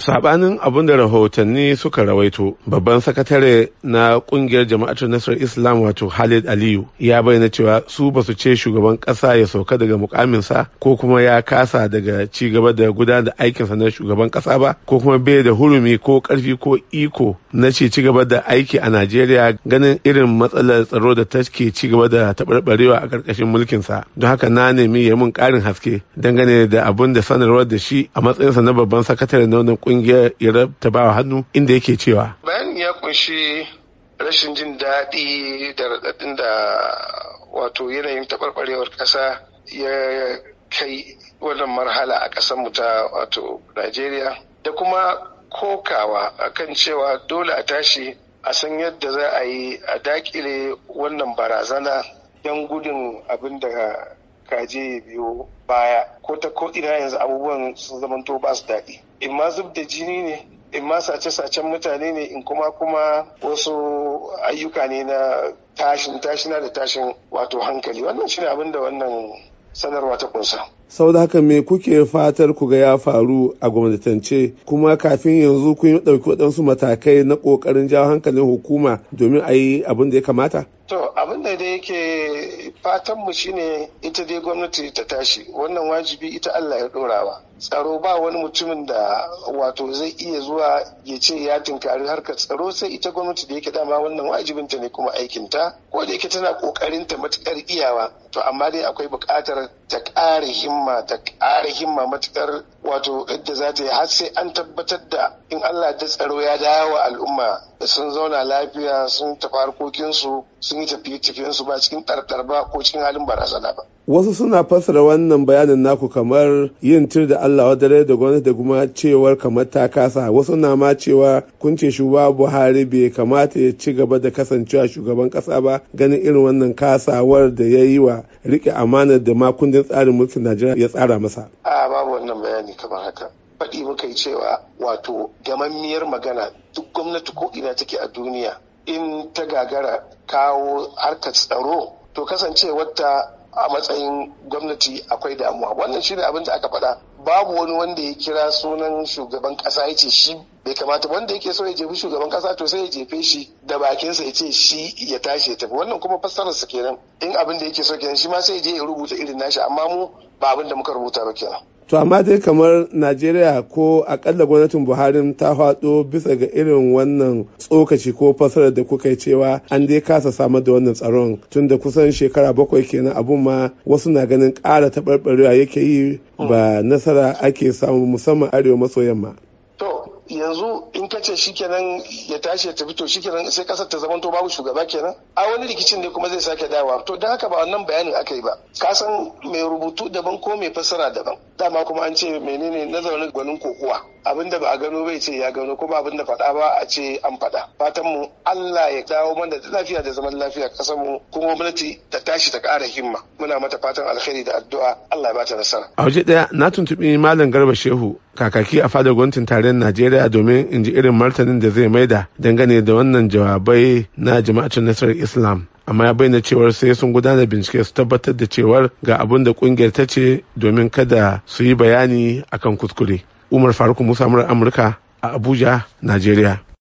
sabanin abin da rahotanni suka rawaito babban sakatare na kungiyar jama'atul nasarar islam wato halid aliyu ya bayyana cewa su ba su ce shugaban kasa ya sauka daga mukaminsa ko kuma ya kasa daga ci gaba da gudanar da aikinsa na shugaban kasa ba ko kuma bai da hurumi ko karfi ko iko na ci ci gaba da aiki a najeriya ganin irin matsalar tsaro da take ci gaba da taɓarɓarewa a ƙarƙashin mulkinsa don haka na nemi ya mun ƙarin haske dangane da abin da sanarwar da shi a matsayinsa na babban sakatare na wannan kungiyar ta bawa hannu inda yake cewa bayanin ya kunshi rashin jin daɗi da raɗaɗin da wato yanayin taɓarɓarewar ƙasa ya kai wannan marhala a ƙasarmu ta wato Najeriya da kuma kokawa a kan cewa dole a tashi a san yadda za a yi a dakile wannan barazana 'yan gudun abin da kaje ya biyo baya ko ta ko ina yanzu abubuwan sun zamanto ba su daɗi in ma zub da jini ne in ma sace-sacen mutane ne in kuma kuma wasu ayyuka ne na tashin tashina da tashin wato hankali wannan shine abin da wannan sanarwa ta kunsa. Sau da haka me kuke fatar ku ga ya faru a gwamnatance kuma kafin yanzu kun yi ɗauki waɗansu matakai na ƙoƙarin jawo hankalin hukuma domin a yi abin da ya kamata? To abin da yake fatanmu shine ita dai gwamnati ta tashi wannan wajibi ita Allah ya ɗorawa. Tsaro ba wani mutumin da wato zai iya zuwa ya ce ya tinkari harkar tsaro sai ita gwamnati da yake dama wannan wajibin ta ne kuma aikin ta ko da yake tana kokarin ta matuƙar iyawa to amma dai akwai bukatar ta ƙara himma himma ta ƙara himma matukar wato yadda za ta yi har sai an tabbatar da in Allah da tsaro ya dawo wa al'umma sun zauna lafiya sun tafi harkokinsu sun yi tafiye su ba cikin tartar ba ko cikin halin barazana ba. Wasu suna fassara wannan bayanin naku kamar yin tir da Allah wa dare da gwamnati da kuma cewar kamar ta kasa wasu na ma cewa kun ce shugaba Buhari bai kamata ya ci gaba da kasancewa shugaban kasa ba ganin irin wannan kasawar da ya yi wa rike amanar da ma kundin tsarin mulkin Najeriya ya tsara masa. A babu wannan bayani. ne kamar haka faɗi muka yi cewa wato gamammiyar magana duk gwamnati ko ina take a duniya in ta gagara kawo harkar tsaro to kasancewarta a matsayin gwamnati akwai damuwa wannan shine abin da aka faɗa babu wani wanda ya kira sunan shugaban ƙasa ya ce shi bai kamata wanda yake so ya jefi shugaban ƙasa to sai ya jefe shi da bakinsa ya ce shi ya tashi ya tafi wannan kuma fassararsa kenan in abin da yake so kenan shi ma sai ya je ya rubuta irin nashi amma mu ba abin da muka rubuta ba kenan to amma dai kamar najeriya ko akalla gwamnatin buhari ta hwatso bisa ga irin wannan tsokaci ko fasarar da kuka yi cewa an dai kasa samar da wannan tsaron tun da kusan shekara bakwai kenan abun ma wasu na ganin ƙara taɓarɓarewa yake yi ba mm. nasara ake samu musamman arewa maso yamma yanzu in ka ce shikenan ya tashi ya tafi to shikenan sai kasar ta zamanto babu shugaba kenan a wani rikicin ne kuma zai sake dawa to don haka ba wannan bayanin aka yi ba ka san mai rubutu daban ko mai fassara daban dama kuma an ce menene nazarin gwanin kokowa abin da ba a gano bai ce ya gano kuma abin da faɗa ba a ce an faɗa fatan mu Allah ya dawo mana da lafiya da zaman lafiya ƙasar mu kuma gwamnati ta tashi ta ƙara himma muna mata fatan alheri da addu'a Allah ya bata nasara a waje ɗaya na tuntuɓi malam Garba Shehu kakaki a fadar gwamnatin tarayyar Najeriya domin in ji irin martanin da zai maida dangane da wannan jawabai na jama'acin nasarar Islam amma ya bayyana cewar sai sun gudanar bincike su tabbatar da cewar ga abin da kungiyar ta ce domin kada su yi bayani akan kuskure. umar faruk musa amurka a abuja najeriya